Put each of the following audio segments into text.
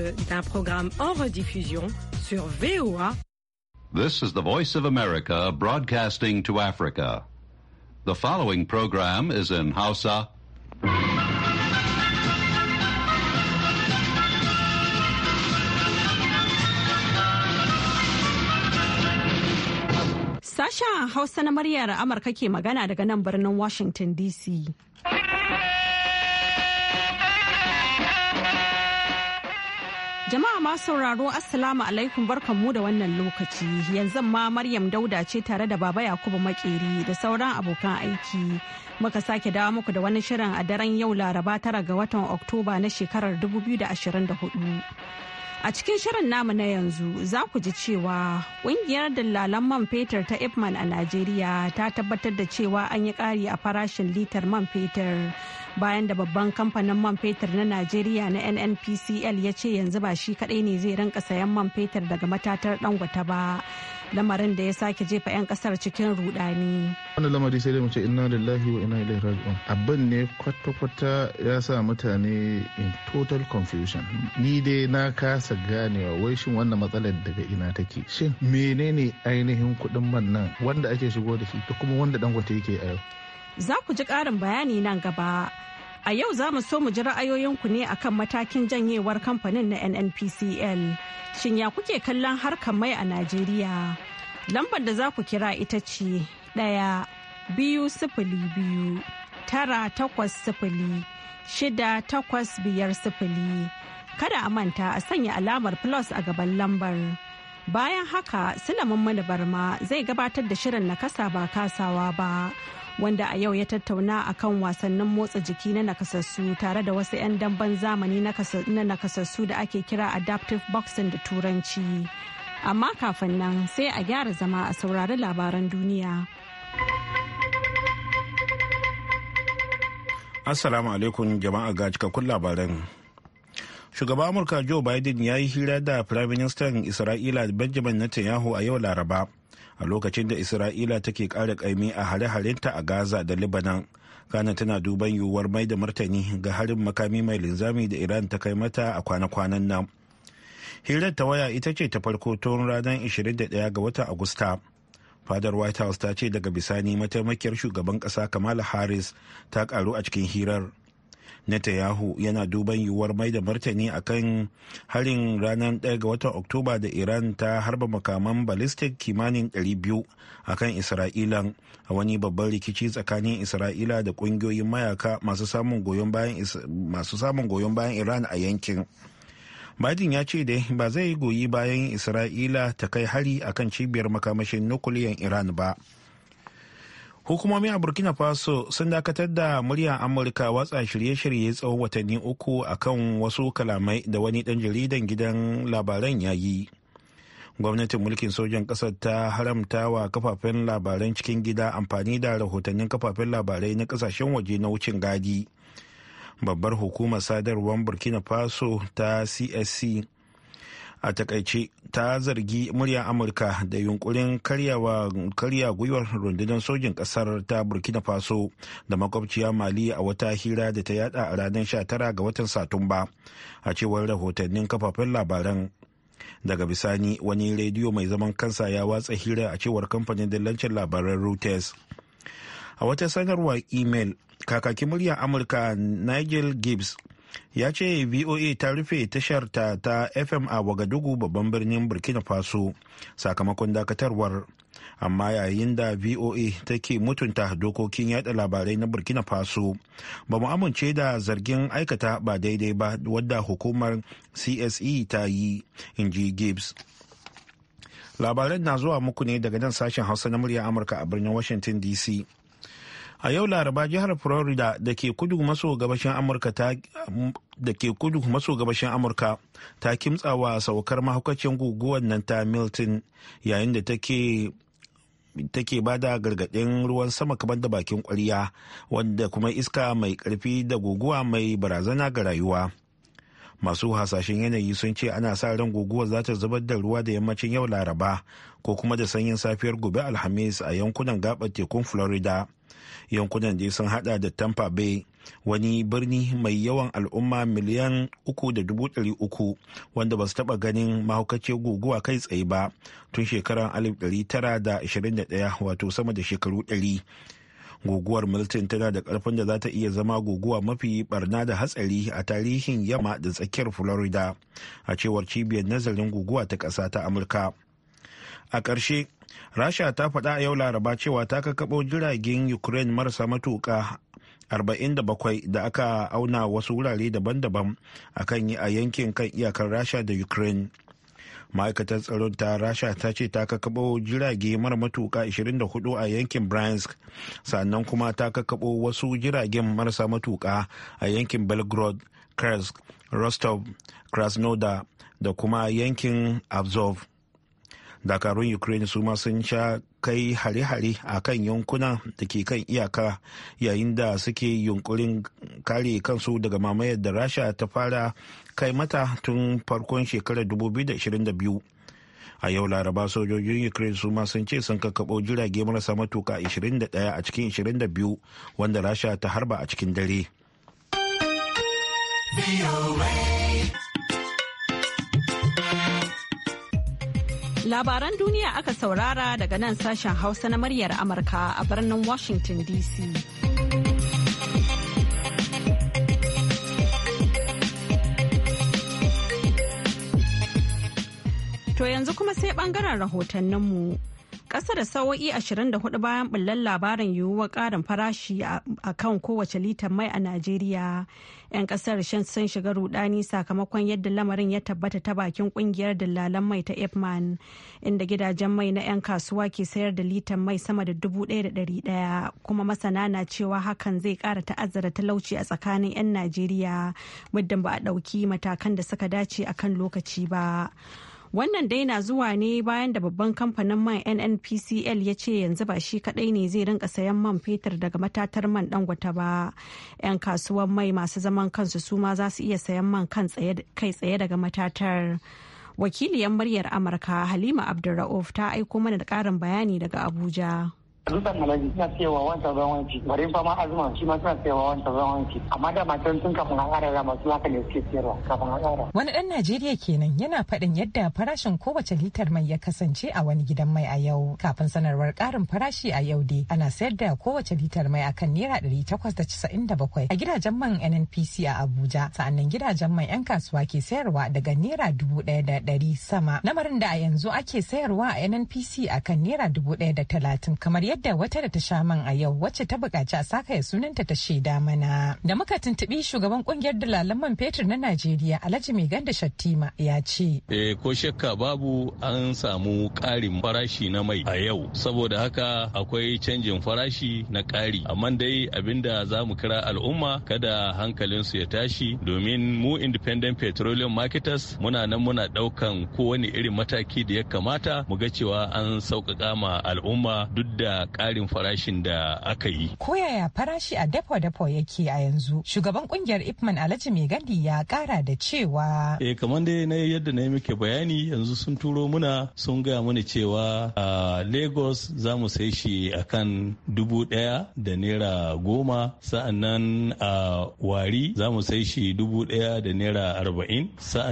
l'écoute d'un programme en rediffusion sur VOA. This is the Voice of America broadcasting to Africa. The following program is in Hausa. Sasha Hausa na muryar Amurka ke magana daga nan birnin Washington DC. masu sauraro Assalamu alaikum barkanmu da wannan lokaci yanzu ma Maryam Dauda ce tare da Baba Yakubu Makeri da sauran abokan aiki muka sake dawo muku da wani shirin a daren yau Laraba tara ga watan Oktoba na shekarar 2024. A cikin shirin namu na yanzu za ku ji cewa kungiyar dillalan man fetur ta Ipman a Najeriya ta tabbatar da cewa an yi ƙari a farashin litar man fetur bayan da babban kamfanin man fetur na Najeriya na NNPCL ya ce yanzu ba shi kaɗai ne zai rinka sayan man fetur daga matatar Dangote ba. lamarin da ya sake jefa 'yan kasar cikin rudani. wani lamari sai dai mu ce inna lillahi wa ina ilaihi raji'un abin ne kwata-kwata ya sa mutane in total confusion ni dai na kasa ganewa wai shin wannan matsalar daga ina take shin menene ainihin kuɗin man nan wanda ake shigo da shi da kuma wanda dangote yake a yau za ku ji ƙarin bayani nan gaba A yau za mu so mu ji ra'ayoyinku ne akan matakin janyewar kamfanin na NNPCL. Shin ya kuke kallon harkar mai a Najeriya? Lambar da za ku kira ita ce ɗaya biyu sifili biyu tara takwas sifili shida takwas biyar sifili. Kada a manta a sanya alamar plus a gaban lambar. Bayan haka Sulaiman Manabarma zai gabatar da shirin nakasa ba kasawa ba wanda a yau ya tattauna a kan wasannin motsa jiki na nakasassu tare da wasu 'yan damben zamani na nakasassu da ake kira adaptive boxing da turanci. Amma kafin nan sai a gyara zama a saurari labaran duniya. Assalamu alaikum jama'a ga cikakkun labaran. shugaban amurka joe biden ya yi hira da firaministan isra'ila benjamin netanyahu a yau laraba a lokacin da isra'ila take ƙara kaimi a hare-harenta a gaza da libanan ghana tana duban yiwuwar mai da martani ga harin makami mai linzami da iran ta kai mata a kwana-kwanan nan hirar ta waya ita ce ta farko tun ranar 21 ga watan agusta fadar white house ta ce daga bisani mataimakiyar shugaban kasa kamala harris ta karu a cikin hirar netanyahu yana duban yiwuwar mai da martani kan harin ranar 1 ga watan oktoba da iran ta harba makaman ballistic kimanin 200 a kan isra'ila a wani babban rikici tsakanin isra'ila da kungiyoyin mayaka masu samun goyon bayan iran a yankin Biden ya ce dai ba zai goyi bayan Isra'ila ta kai hari a kan cibiyar makamashin nukuliyan Iran ba. hukumomi a burkina faso sun dakatar da muryar amurka watsa shirye-shirye tsawon watanni uku akan wasu kalamai da wani dan jaridan gidan labaran ya yi gwamnatin mulkin sojan kasar ta haramta wa kafafen labaran cikin gida amfani da rahotannin kafafen labarai na kasashen waje na wucin gadi babbar hukumar sadarwar burkina faso ta csc a takaice ta zargi murya amurka da yunkurin karya gwiwar rundunar sojin kasar ta burkina faso da makwabciya mali a wata hira da ta yada a ranar 19 ga watan satumba a cewar rahotannin kafafen labaran daga bisani wani rediyo mai zaman kansa ya watsa hira a cewar kamfanin dillancin labaran reuters a wata sanarwar imel kakakin murya amurka nigel gibbs ya ce voa ta rufe tashar ta ta fm a wagadugu babban birnin burkina faso sakamakon dakatarwar amma yayin da voa take mutunta dokokin yada labarai na burkina faso ba mu amince da zargin aikata ba daidai ba wadda hukumar cse ta yi in ji gibbs labaran na zuwa muku ne daga nan sashen hausa na murya amurka a birnin washington dc a yau laraba jihar florida da ke kudu maso gabashin amurka ta da ke kimtsawa saukar mahaukacin guguwar nan ta milton yayin da take take ba da gargaɗin ruwan sama kamar da bakin ƙwarya wanda kuma iska mai ƙarfi da guguwa mai barazana ga rayuwa masu hasashen yanayi sun ce ana sa ran guguwar za ta zubar da ruwa da yammacin yau laraba ko kuma da sanyin safiyar gobe alhamis a yankunan gabar tekun florida yankunan dai sun hada da tampa bay wani birni mai yawan al'umma miliyan uku da dubu dari uku wanda ba su taɓa ganin mahaukacin guguwa kai tsaye ba tun shekarar 1921 wato sama da shekaru ɗari guguwar milton tana da ƙarfin da za ta iya zama guguwa mafi barna da hatsari a tarihin yamma da tsakiyar florida a cewar cibiyar nazarin guguwa ta ƙasa ta amurka a ƙarshe rasha ta faɗa a yau laraba cewa ta kakkaɓo jiragen ukraine marasa matuka 47 da aka auna wasu wurare daban-daban akan a yankin kan iyakar rasha da ukraine ma'aikatar tsaron ta rasha ta ce ta kakaɓo jirage mara matuka 24 a yankin bryansk sannan kuma ta kakaɓo wasu jiragen marasa matuka a yankin belgrade kursk rostov krasnodar da kuma yankin abzov dakarun ukraine su ma sun sha kai hare-hare a kan yankuna da ke kan iyaka yayin da suke yunkurin kare kansu daga mamayar da rasha ta fara kai mata tun farkon shekarar 2022 a yau laraba sojojin ukraine su ma sun ce sun kakkaɓo jirage marasa matuka 21 a cikin 22 wanda rasha ta harba a cikin dare. Labaran duniya aka saurara daga nan sashen Hausa na muryar Amurka a birnin Washington DC. To yanzu kuma sai bangaren rahotanninmu. mu. Ƙasa da hudu 24 bayan bullar labarin yiwuwar ƙarin farashi a kan kowace litar mai a Najeriya. 'Yan ƙasar sun shiga rudani sakamakon yadda lamarin ya tabbata ta bakin ƙungiyar dillalan mai ta Ipman, inda gidajen mai na 'yan kasuwa ke sayar da litar mai sama da 1,100 kuma masana na cewa hakan zai ƙara ta'azzara talauci a tsakanin 'yan Najeriya muddin ba a ɗauki matakan da suka dace a kan lokaci ba. Wannan dai na zuwa ne bayan da babban kamfanin man NNPCL ya ce yanzu ba shi kadai ne zai rinka sayan man fetur daga matatar man dangwata ba. 'Yan kasuwan mai masu zaman kansu su ma za su iya sayan man kai tsaye daga matatar. Wakiliyar muryar Amurka Halima Abdulra'uf ta aiko mana da ƙarin bayani daga Abuja. dutsen alaji suna cewa wanta zan bari fama azuma shi ma suna cewa wanta zan wanki amma da matan sun kafin an ƙara zama su haka ne suke cewa kafin an ƙara. wani ɗan najeriya kenan yana faɗin yadda farashin kowace litar mai ya kasance a wani gidan mai a yau kafin sanarwar ƙarin farashi a yau dai ana sayar da kowace litar mai akan naira ɗari takwas da casa'in da bakwai a gidajen man nnpc a abuja sa'annan gidajen man 'yan kasuwa ke sayarwa daga naira dubu ɗaya da ɗari sama lamarin da a yanzu ake sayarwa a nnpc akan naira dubu ɗaya da talatin kamar yadda wata da ta sha man a yau wacce ta bukaci a saka ya sunanta ta shaida mana. Da muka tuntuɓi shugaban ƙungiyar dalalan man fetur na Najeriya Alhaji Mai Ganda Shattima ya ce. Eh ko shakka babu an samu ƙarin farashi na mai a yau saboda haka akwai canjin farashi na ƙari amma dai abinda za mu kira al'umma kada su ya tashi domin mu independent petroleum marketers muna nan muna ɗaukan kowane irin mataki da ya kamata mu ga cewa an sauƙaƙa ma al'umma duk da a ƙarin farashin da aka yi. koyaya farashi a dafo-dafo yake a yanzu? Shugaban kungiyar Ipman Alhaji mai Gandi ya kara da cewa. Eh kamar dai na yadda na yi muke bayani yanzu sun turo muna sun gaya mana cewa a Lagos za mu sai shi kan dubu ɗaya da naira goma nan a Wari za mu sai shi dubu ɗaya da naira arba'in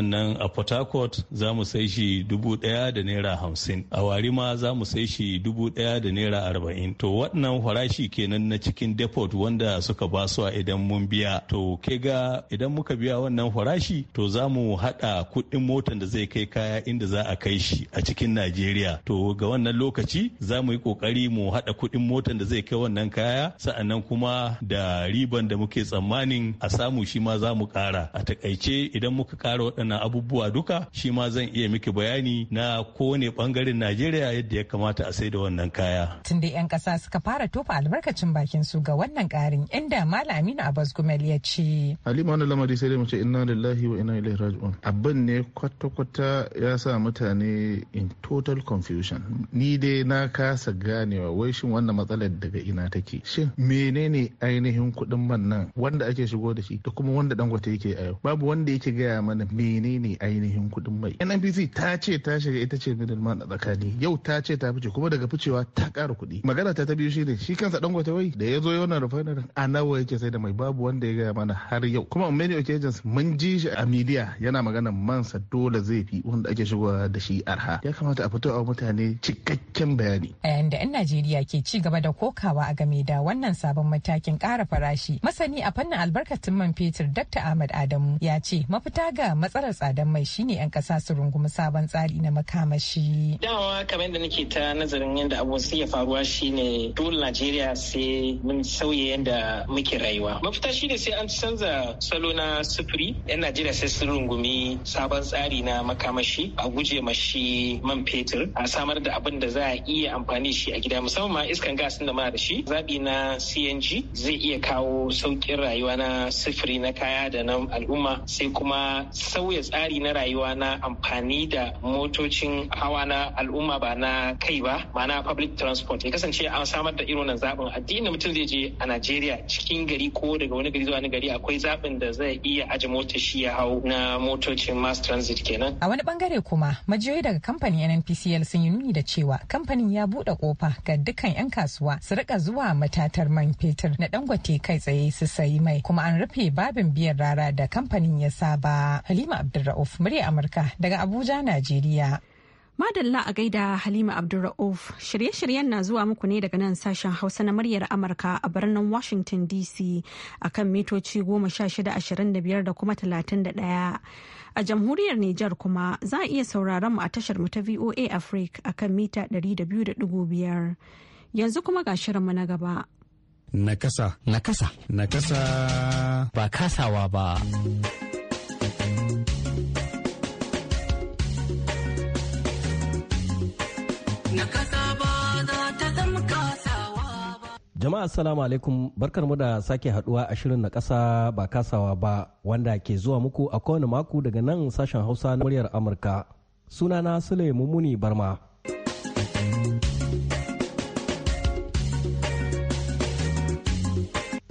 nan a Port Harcourt za mu sai shi dubu ɗaya da naira hamsin a Wari ma za mu sai shi dubu ɗaya da naira arba'in arba'in to wannan farashi kenan na cikin depot wanda suka ba su idan mun biya to ke ga idan muka biya wannan farashi to za mu haɗa kuɗin motan da zai kai kaya inda za a kai shi a cikin najeriya to ga wannan lokaci za mu yi ƙoƙari mu haɗa kuɗin motan da zai kai wannan kaya sa'annan kuma da riban da muke tsammanin a samu shi ma za mu ƙara a takaice idan muka ƙara waɗannan abubuwa duka shi ma zan iya miki bayani na kowane ɓangaren najeriya yadda ya kamata a sai da wannan kaya. Tunda 'yan kasa suka fara tofa albarkacin bakin su ga wannan karin inda Malam Aminu Abbas Gumel ya ce. Halima wani lamari sai dai mu ce inna lillahi wa inna ilaihi raji'un. Abin ne kwata-kwata ya sa mutane in total confusion. Ni dai na kasa ganewa wai shin wannan matsalar daga ina take. Shin menene ainihin kuɗin man nan wanda ake shigo da shi da kuma wanda dangote yake a yau. Babu wanda yake gaya mana menene ainihin kuɗin mai. NNPC ta ce ta shiga ita ce middleman a tsakani. Yau ta ce ta fice kuma daga ficewa ta kara kuɗi. magana ta ta biyu shine shi kansa dangote wai da ya zo na rufanar a nawa yake sai da mai babu wanda ya gaya mana har yau kuma on many occasions mun ji shi a media yana magana mansa dole zai fi wanda ake shigowa da shi arha ya kamata a fito a mutane cikakken bayani a 'yan najeriya ke ci gaba da kokawa a game da wannan sabon matakin kara farashi masani a fannin albarkatun man fetur dr ahmad adamu ya ce mafita ga matsalar tsadar mai shine 'yan kasa su rungumi sabon tsari na makamashi dawa kamar da nake ta nazarin yadda abu ya faruwa shine dole Najeriya sai mun sauya yadda muke rayuwa. Mafita shine sai an canza salo na sufuri, 'yan Najeriya sai sun rungumi sabon tsari na makamashi a guje mashi man fetur a samar da abin da za a iya amfani shi a gida musamman ma iskan gas da ma da shi zabi na CNG zai iya kawo sauƙin rayuwa na sufuri na kaya da na al'umma sai kuma sauya tsari na rayuwa na amfani da motocin hawa na al'umma ba na kai ba ma'ana public transport ya kasance an samar da irin zaɓin addinin mutum zai je a Najeriya cikin gari ko daga wani gari zuwa wani gari akwai zaɓin da zai iya ajiye mota shi ya hau na motocin mass transit kenan. A wani bangare kuma majiyoyi daga kamfanin NNPCL sun yi nuni da cewa kamfanin ya buɗe kofa ga dukkan 'yan kasuwa su rika zuwa matatar man fetur na dangote kai tsaye su sayi mai kuma an rufe babin biyan rara da kamfanin ya saba. Halima Abdulra'uf murya Amurka daga Abuja, Najeriya. Madalla a gaida Halima Abdulra'uf shirye-shiryen na zuwa muku ne daga nan sashen Hausa na muryar Amurka a birnin Washington DC a kan mitoci 1625 da kuma 31. A jamhuriyar Nijar kuma za a iya sauraron mu a tashar mu ta VOA Africa a kan mita 200.5. Yanzu kuma ga shirinmu na gaba. Nakasa. Nakasa. Nakasa. Ba kasawa ba. Jama'a assalamu alaikum barkar mu da sake haduwa a shirin na kasa ba kasawa ba wanda ke zuwa muku a kowane mako daga nan sashen Hausa na muryar Amurka. Sunana Sule Mumuni Barma.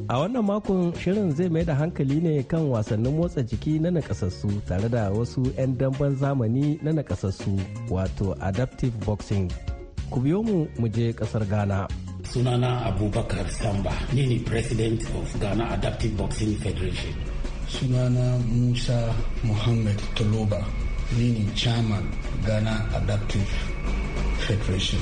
A wannan makon shirin zai mai da hankali ne kan wasannin motsa jiki na nakasassu tare da wasu 'yan damben zamani na nakasassu wato adaptive boxing. Ku biyo mu mu je kasar Ghana. sunana abubakar samba ni ne president of ghana adaptive boxing federation sunana musa muhammad toloba ni ne chairman ghana adaptive federation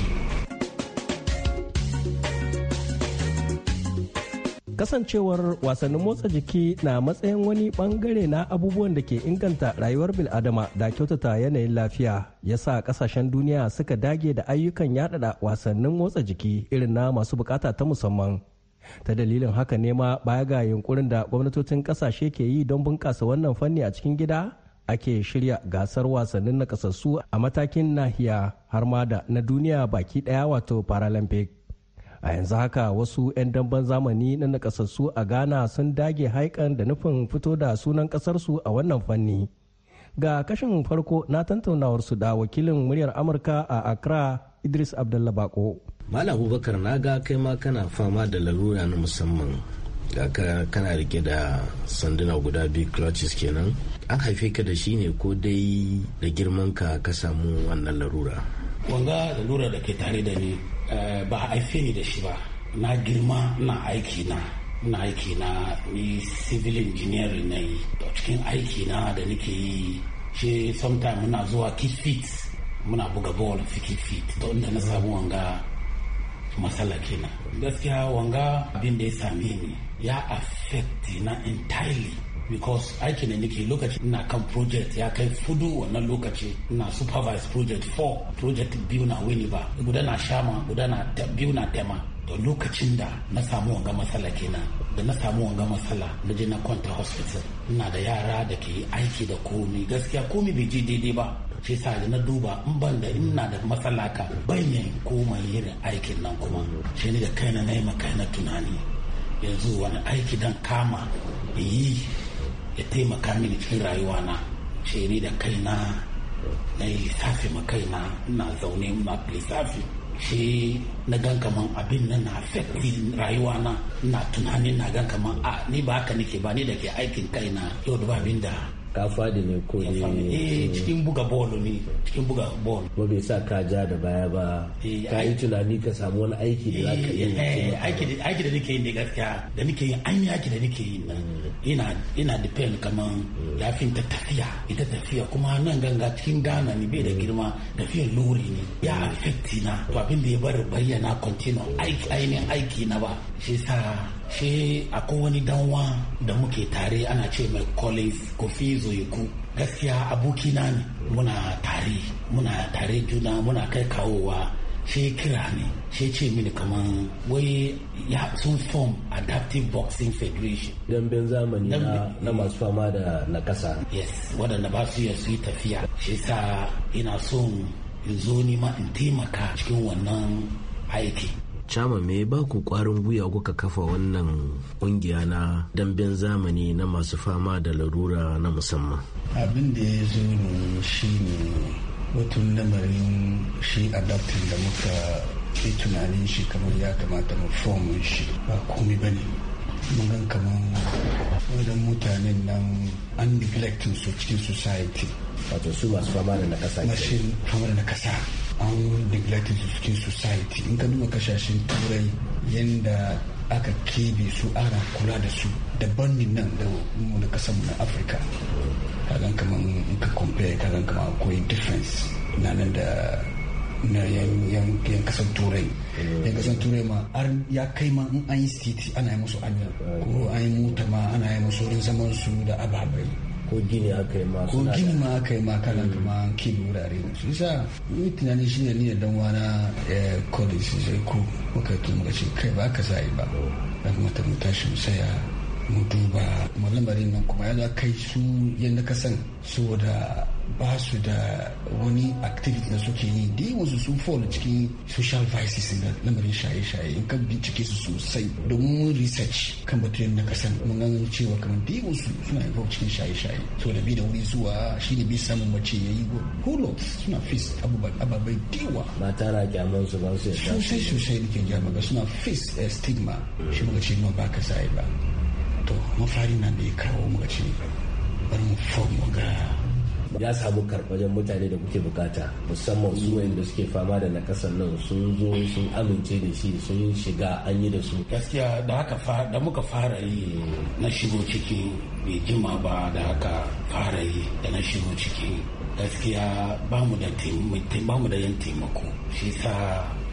kasancewar wasannin motsa jiki na matsayin wani bangare na abubuwan da ke inganta rayuwar biladama da kyautata yanayin lafiya ya sa kasashen duniya suka dage da ayyukan yadada wasannin motsa jiki irin na masu bukata ta musamman ta dalilin haka ne ma baya ga yunkurin da gwamnatocin kasashe ke yi don bunkasa wannan fanni a cikin gida ake shirya gasar wasannin nakasassu a matakin nahiya har ma da na duniya baki daya wato paralympic a yanzu haka wasu 'yan damben zamani na nakasassu a ghana sun dage haikan da nufin fito da sunan kasarsu a wannan fanni ga kashin farko na tantaunawar su da wakilin muryar amurka a accra idris abdullabako malam abubakar na ga kai ma kana fama da larura na musamman ka kana rike da sanduna guda biyu clutches kenan an haife ka da shi ne ko dai da girman ka ka samu wannan larura wanga lalura da ke tare da ni Eh, ba a haife ni da shi ba na girma na aiki na na aiki na ni civil engineering na yi cikin aiki na da nake yi shi sometime muna zuwa fit muna buga ball fi kid fit to inda na samu wanga matsala kenan gaskiya wanga abin da ya same ni ya affect na entirely because aiki ne nake lokaci ina kan project ya kai fudu wannan lokaci ina supervise project 4 project biyu na wani ba guda na shama guda na biyu na tema da lokacin da na samu wanga matsala kenan da na samu wanga matsala na je na kwanta hospital ina da yara da ke aiki da komi gaskiya komi bai je daidai ba shi sa da na duba in ban da ina da matsala ka bayan komai irin aikin nan kuma shi ne da kaina na yi makaina tunani yanzu wani aiki dan kama yi ya taimaka mini cikin rayuwa na ni da kaina na yi lissafi ma kaina na zaune ina lissafi shi na gan kaman abin nan na affecting rayuwa na na tunanin na gan kaman a ah, ni ba haka nake ba ni da ke aikin kaina yau da ba abin da ka fadi ne ko ne eh cikin buga bolo ne cikin buga bolo ba bai sa ka ja da baya ba eh, ka yi tunani ka samu wani aiki da zaka eh, yi aiki aiki da nake yi ne gaskiya da nake yi an yi aiki da nake yi mm. ina ina depend kaman mm. lafiyar ta tafiya ita tafiya kuma nan ganga cikin gana ne bai da mm. girma tafiyar lori ne ya affect na to abin da ya bar bayyana continue aiki ainihin aiki na ba shi sa shi akwai wani danwa da muke tare ana ce mai collins kofi zoyiku gaskiya abokina ne muna tare muna tare juna muna kai kawowa shi kira ne shi ce mini kaman wai ya sun form adaptive boxing federation damben zamani na masu fama da na kasa yes waɗanda ba su su yi tafiya shi sa ina son in zo nima in taimaka cikin wannan aiki Chama me ba ku kwarin gwiwa kuka kafa wannan kungiya na damben zamani na masu fama da larura na musamman. Abin da ya zo ne ne mutum lamarin shi adaptin da muka ke tunanin shi kamar ya kamata mu fomin shi ba komai ba ne. Mun kamar wajen mutanen nan an neglecting su cikin society. Wato su masu fama da nakasa. Masu fama da nakasa. an neglected cikin society in ka duba kashashen turai yadda aka kebe su ana kula da su da ne nan da wani kasa mu na afirka kagan kaman in ka compare kagan kama akwai difference na nan da na yan kasan turai mm. yan kasan turai ma har ya kai ma in an yi city ana yi musu adal mm. ko an yi mota ma ana yi musu rin zaman su da ababai ko gini aka yi ma ko gini ma aka yi ma kana hmm. kama kin wurare ne shi sa ni tunani shi ne ni da dan wana eh, college sai ko muka ki muka ce kai ba ka sai ba oh. ya kamata ta tashi mu saya mu duba mu lamarin nan kuma ya kai su yadda ka san saboda ba su da wani activity na suke yi da yawansu sun fall cikin social vices na lamarin shaye-shaye in kan bincike su sosai domin research kan batun na kasan mun gano cewa kamar da yawansu suna yi cikin shaye-shaye so da bi da wuri zuwa shi ne bi samun mace ya yi holo suna face ababai dewa ba tara kyaman su ba su yadda sosai sosai nake gyama ga suna face eh, stigma shi muka ce ma ba ka sai ba to mafari na da ya kawo muka ce bari mu fom ga ya samu karɓajen mutane da kuke bukata musamman su wayanda suke fama da nakasar nan sun zo sun amince da shi sun shiga an yi da su gaskiya da haka da muka fara yi na shigo ciki bai jima ba da haka fara yi da na shigo ciki gaskiya ba mu da yan taimako shi sa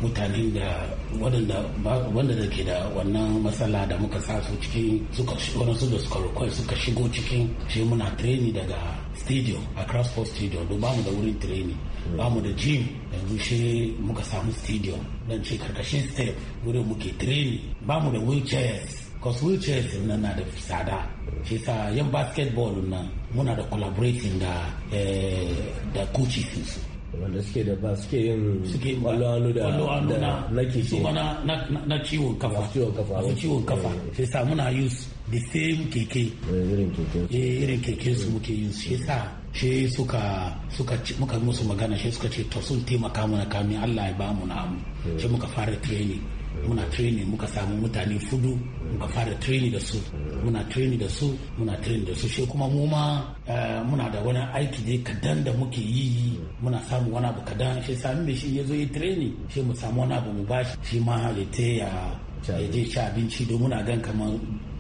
mutanen da wanda da ke da wannan matsala da muka sa su cikin wadansu da suka request suka shigo cikin shi muna training daga stadium a crossport stadium don mu da wurin training mu da gym yanzu shi muka samu stadium don ce karkashin step wurin muke training mu da wheelchairs Because wheelchairs nan na da fisada. Shi sa yan basketball na muna da collaborating da eh, da coaches su. Wanda suke da ba suke yin suke kwallo hannu da kwallo na na kike. na na ciwon kafa. Ciwon kafa. ciwon kafa. Eh. Shi sa muna use the same keke. Eh, irin keke. Irin keke su muke use. Shi sa shi suka suka muka musu magana she suka ce to sun taimaka mana kamin Allah ya ba mu na amu. Shi muka fara training. muna training muka samu mutane fudu muka fara training da su muna training da su muna training da su shi kuma mu ma eh, muna da wani aiki dai kadan da muke yi muna samu wani abu kadan shi sami mai shi ya zo yi training shi mu samu wani abu mu bashi shi ma ya ya je ci abinci domin a gan kamar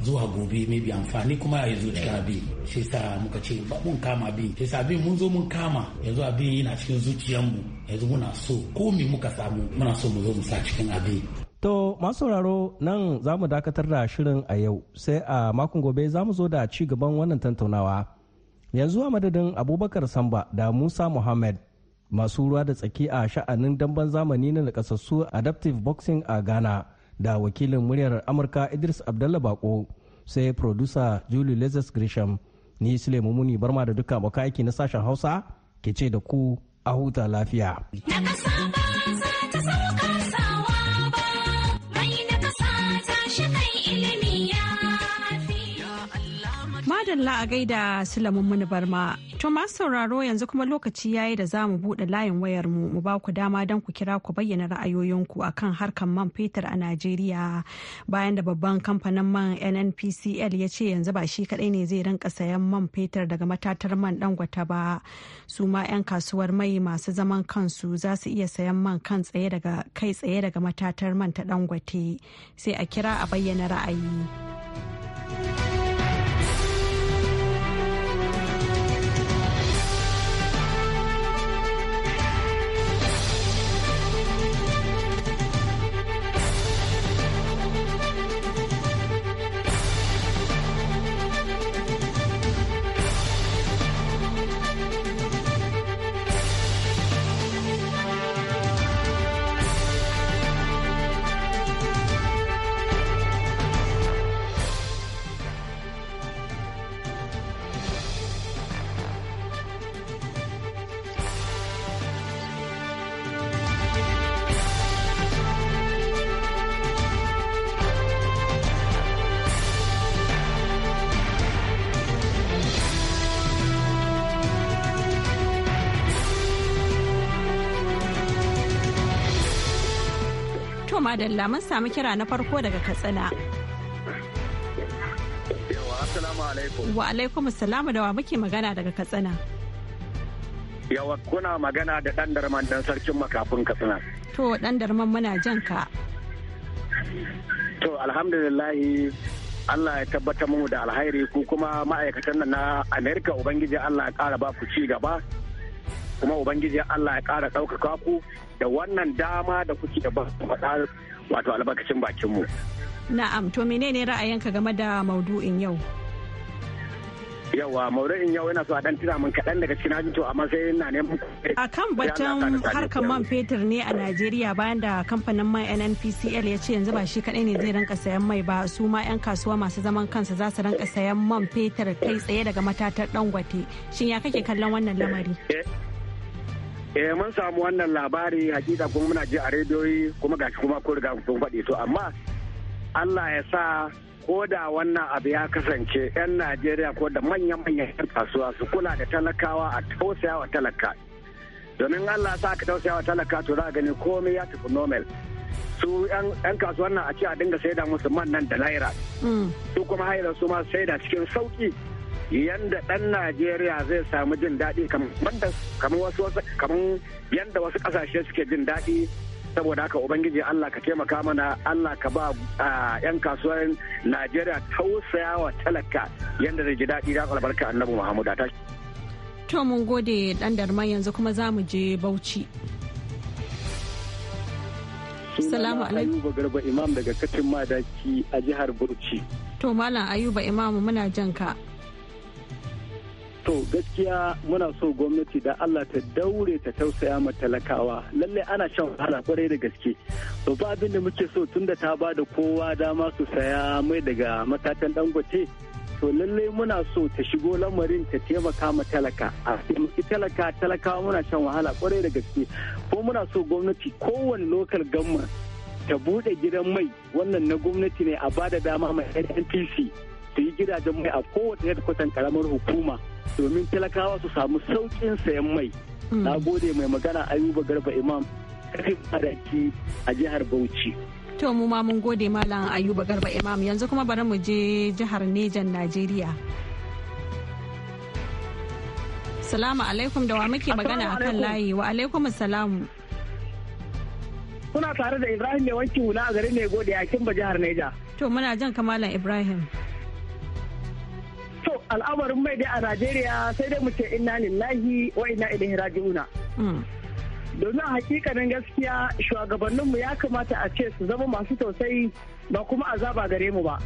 zuwa gobe maybe amfani kuma ya zo cikin abin shi sa muka ce ba mun kama abin shi sa abin mun zo mun kama yanzu abin yana cikin zuciyarmu yanzu muna so ko me muka samu muna so mu zo mu sa cikin abin To masu sauraro nan za mu dakatar da shirin a yau sai a makon gobe za mu zo da ci gaban wannan tantaunawa. Yanzu a madadin Abubakar Samba da Musa Muhammad masu ruwa da tsaki a sha'anin damben zamani na nakasassu adaptive boxing a Ghana da wakilin muryar Amurka Idris Abdallah Bako sai producer Julie lezes Grisham ni Suleiman Muni barma da duka abokan aiki na sashen Hausa ke ce da ku a huta lafiya. Na ƙasa ba za ta sauka madalla a gaida sulamun mani barma. To masu sauraro yanzu kuma lokaci yayi da zamu mu buɗe layin wayar mu mu ba ku dama don ku kira ku bayyana ra'ayoyinku akan harkar man fetur a Najeriya bayan da babban kamfanin man NNPCL ya ce yanzu ba shi kaɗai ne zai rinka sayan man fetur daga matatar man dangwata ba. Su ma 'yan kasuwar mai masu zaman kansu za su iya sayan man kan tsaye daga kai tsaye daga matatar man ta dangwate sai a kira a bayyana ra'ayi. madalla mun samu kira na farko daga Katsina. Wa alaikum salamu da wa muke magana daga Katsina. Yawa kuna magana da ɗan darman dan sarkin makafin Katsina. To ɗan darman muna jan ka. To alhamdulillahi Allah ya tabbatar mu da alhairi ku kuma ma'aikatan na Amerika Ubangiji Allah ya ƙara ba ku ci gaba kuma ubangiji Allah ya kara saukaka ku da wannan dama da kuke da faɗa wato albarkacin bakin mu na'am to menene ra'ayinka game da maudu'in yau yawa maudu'in yau yana so a dan tira mun kaɗan daga cikin ajin to amma sai na neman a kan batun harkar man fetur ne a najeriya bayan da kamfanin man nnpcl ya ce yanzu ba shi kaɗai ne zai rinka sayan mai ba su ma 'yan kasuwa masu zaman kansa za su rinka sayan man fetur kai tsaye daga matatar dangote shin ya kake kallon wannan lamari eh, Eh mun samu wannan labari hakika kuma muna ji a rediyoyi kuma gashi kuma ko riga kun faɗi to amma Allah ya sa ko da wannan abu ya kasance 'yan Najeriya ko da manya-manyan 'yan kasuwa su kula da talakawa a tausaya wa talaka. Domin Allah ya sa ka tausaya wa talaka to za gani komai ya tafi normal. su yan kasuwan nan a ce a dinga saida musu man nan da naira mm. su kuma haila su ma saida cikin sauki yanda dan Najeriya zai samu jin daɗi kamar wasu kamar yanda wasu ƙasashe suke jin daɗi saboda haka ubangiji Allah ka taimaka mana Allah ka ba a yan kasuwar Najeriya tausaya wa talaka yanda zai ji daɗi da albarka annabi Muhammadu ta To mun gode dan darman yanzu kuma za mu je Bauchi. Salamu alaikum. Ayuba Garba Imam daga Katin Madaki a jihar Bauchi. To Malam Ayuba Imam muna jan ka. To gaskiya muna so gwamnati da Allah ta daure ta tausaya ma talakawa. Lalle ana shan wahala kwarai da gaske. ba abin da muke so tunda ta ba da kowa dama su saya mai daga matatan dangote. To lalle muna so ta shigo lamarin ta taimaka ma talaka. A taimaki talaka talakawa muna shan wahala kwarai da gaske. Ko muna so gwamnati kowane lokal gamma ta bude gidan mai wannan na gwamnati ne a bada dama mai NPC. su yi gidajen mai a kowace hedkwatan karamar hukuma domin talakawa su samu sauƙin sayan mai hmm. na gode mai magana ayuba garba imam kafin faraki a jihar bauchi to mu ma mun gode malam ayuba garba imam yanzu kuma bari mu je jihar nejan najeriya salamu alaikum da wa muke magana akan layi wa alaikum salamu kuna tare da ibrahim mai wanki hula a garin mai gode a kimba jihar neja to muna jan kamalan ibrahim al'amarin mai dai a Najeriya sai dai mu ce inna lillahi wa inna ilaihi raji'una. Mm. Domin hakikanin gaskiya shugabanninmu ya kamata a ce su zama masu tausayi ba kuma azaba gare mu ba.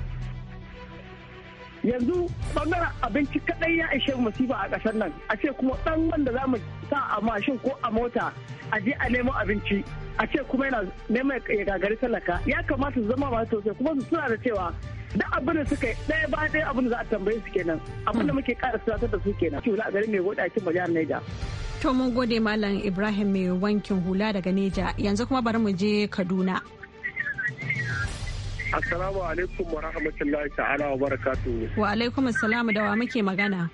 Yanzu bangaren abinci kadai ya ishe masifa a kasar nan a ce kuma ɗan wanda za mu sa a mashin ko a mota a je a nemo abinci a ce kuma yana neman ya gagari talaka ya kamata su zama masu tausayi kuma su suna da cewa da abin da suka yi ɗaya ba ɗaya abin da za a tambaye su kenan abin da hmm. muke ƙara tunatar da su kenan kiwo a garin mai goda a ba jihar Niger. To mun gode Malam Ibrahim mai wankin hula daga Neja yanzu kuma bari mu je Kaduna. Assalamu alaikum wa rahmatullahi ta'ala wa barakatu. Wa alaikum assalamu da wa muke magana.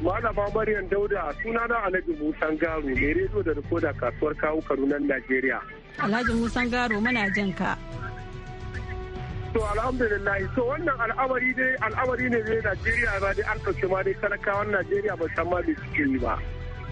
Malama Maryam Dauda na Alhaji Musan Garo mai rediyo da rikoda kasuwar kawo Kaduna Najeriya. Alhaji Musan Garo muna jin ka. To alhamdulillah to wannan al'amari dai al'amari ne dai Najeriya ba dai an ma dai talakawan Najeriya ba san ma suke yi ba.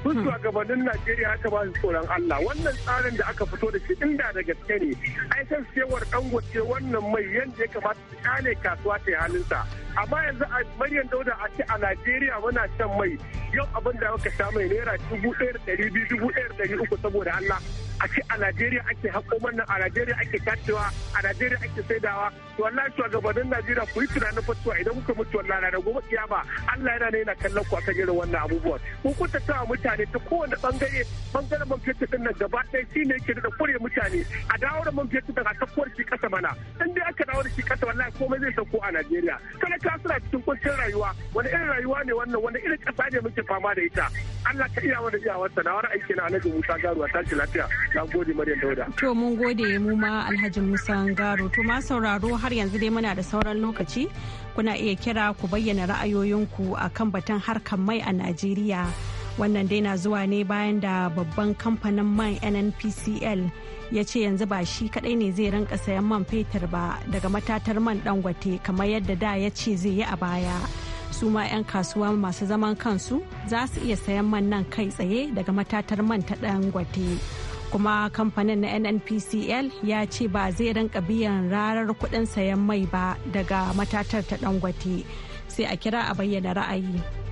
Hmm. Su gabanin Najeriya haka ba su tsoron Allah wannan tsarin da aka fito da shi inda da gaske ne ai san sewar dangote wannan mai yanda ya kamata su kane kasuwa ta halinsa. Amma yanzu a Maryam Dauda a ce a Najeriya muna shan mai yau abin da muka sha mai naira dubu ɗaya da ɗari biyu dubu ɗaya da ɗari uku saboda Allah a ce a Najeriya ake haƙo mana a Najeriya ake tacewa a Najeriya ake saidawa to wallahi shugabannin Najeriya ku yi tunanin fatuwa idan kuka mutu wallahi na gobe kiyama Allah yana ne yana kallon ku akan irin wannan abubuwan ku kuntata mutane ta kowane bangare bangaren man fetur din nan gaba ɗaya shine yake da kure mutane a dawo da man fetur daga sakuwar shi kasa mana in dai aka dawo da shi kasa wallahi komai zai sauko a Najeriya kana ka suna cikin kuncin rayuwa wani irin rayuwa ne wannan wani irin ƙasa ne muke fama da ita Allah ka iya wani iyawarsa na wani aiki na Alhaji Musa Garuwa tashi lafiya to mun gode mu ma alhaji musa garo to ma sauraro har yanzu dai muna da sauran lokaci kuna iya kira ku bayyana ra'ayoyinku a kan batun harkar mai a najeriya wannan dai na zuwa ne bayan da babban kamfanin man nnpcl ya ce yanzu ba shi kadai ne zai rinka sayan man fetur ba daga matatar man dangote kamar yadda da ya ce zai yi a baya su ma 'yan kasuwa masu zaman kansu za su iya sayan man nan kai tsaye daga matatar man ta dangote kuma kamfanin na nnpcl ya ce ba zai rinka biyan rarar kudin sayan mai ba daga matatar ta dangote sai a kira a bayyana ra'ayi.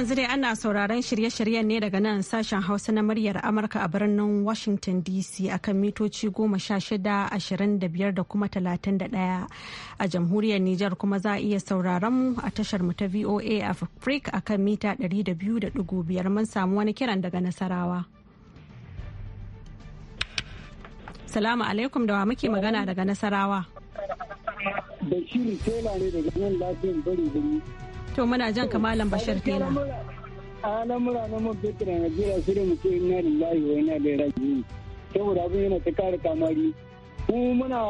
yanzu dai ana sauraron shirye-shiryen ne daga nan sashen Hausa na muryar Amurka a birnin Washington DC akan mitoci goma sha shida ashirin da biyar da kuma talatin da daya A jamhuriyar Nijar kuma za a iya sauraron mu a tashar mu ta VOA Africa akan mita ɗari da biyu da ɗigo biyar mun samu wani kiran daga Nasarawa. Salamu alaikum da wa muke magana daga Nasarawa. Tela ne daga nan lafiyan bari. To muna jan kamalan bashar Tela. Al'amura na mun fetur jira Najeriya shirin mutum ina lillahi wa ina da rajiyi. Saboda abin yana ta kare kamari. Mu muna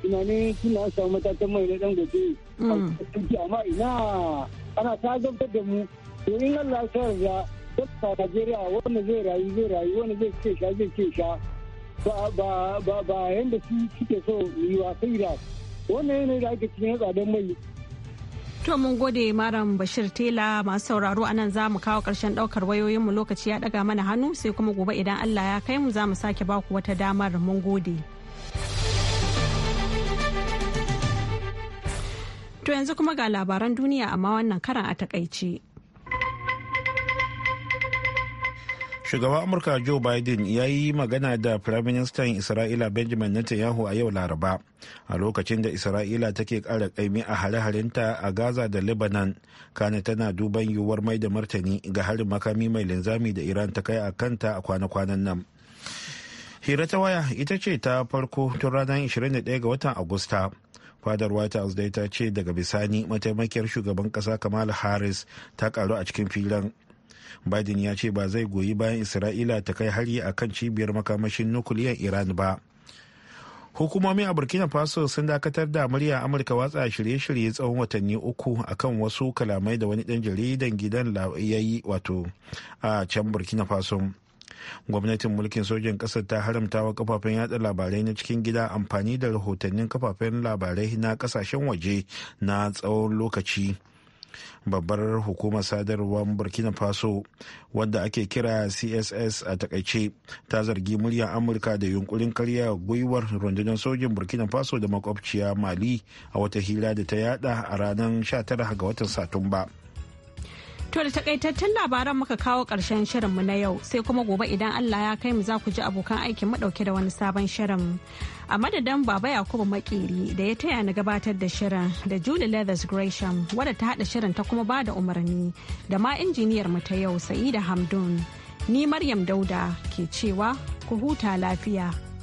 tunanin suna samu matakan mai na dangote. Mm. Amma ina ana ta zabtar da mu. in Allah ta yarda dukkan Najeriya wanda zai rayu zai rayu wanda zai ce sha zai ce sha. Ba yanda suke so yi wa sai da wannan yanayi da ake cikin tsadar mai To mun gode Maram Bashir Tela masu sauraro a nan za mu kawo ƙarshen ɗaukar wayoyinmu lokaci ya ɗaga mana hannu sai kuma gobe idan Allah ya kai mu za mu sake baku wata damar mun gode. To yanzu kuma ga labaran duniya amma wannan karan a takaice. shugaban amurka joe biden ya yi magana da firaministan isra'ila benjamin netanyahu a yau laraba a lokacin da isra'ila take kara kaimi a hare-harenta a gaza da lebanon kana tana duban yiwuwar mai da martani ga harin makami mai linzami da iran ta kai a kanta a kwana-kwanan nan hira ta waya ita ce ta farko tun ranar 21 ga watan agusta fadar white house dai ta ce daga bisani mataimakiyar shugaban kasa kamala harris ta karu a cikin filin biden ya ce ba zai goyi bayan isra'ila ta kai hari a kan cibiyar makamashin nukiliyar iran ba hukumomi a burkina faso sun dakatar da murya amurka watsa shirye-shirye tsawon watanni uku akan wasu kalamai da wani dan jaridan gidan yayi wato a can burkina faso gwamnatin mulkin sojan ƙasar ta haramta wa kafafen yada labarai na cikin gida amfani da rahotannin kafafen labarai na kasashen waje na tsawon lokaci babbar hukumar sadarwar burkina faso wadda ake kira css a takaice ta zargi muryar amurka da yunkurin karya gwiwar rundunar sojin burkina faso da makwabciya mali a wata hira da ta yada a ranar 19 ga watan satumba To da takaitaccen labaran muka kawo ƙarshen shirinmu na yau sai kuma gobe idan Allah ya kai mu za ku ji abokan aikin mu dauke da wani sabon shirin. A madadin Baba Yakubu Makeri da ya taya ni gabatar da shirin da Julie Leathers Gresham wadda ta haɗa shirin ta kuma ba da umarni da ma injiniyar mu ta yau Sa'ida Hamdun. Ni Maryam Dauda ke cewa ku huta lafiya.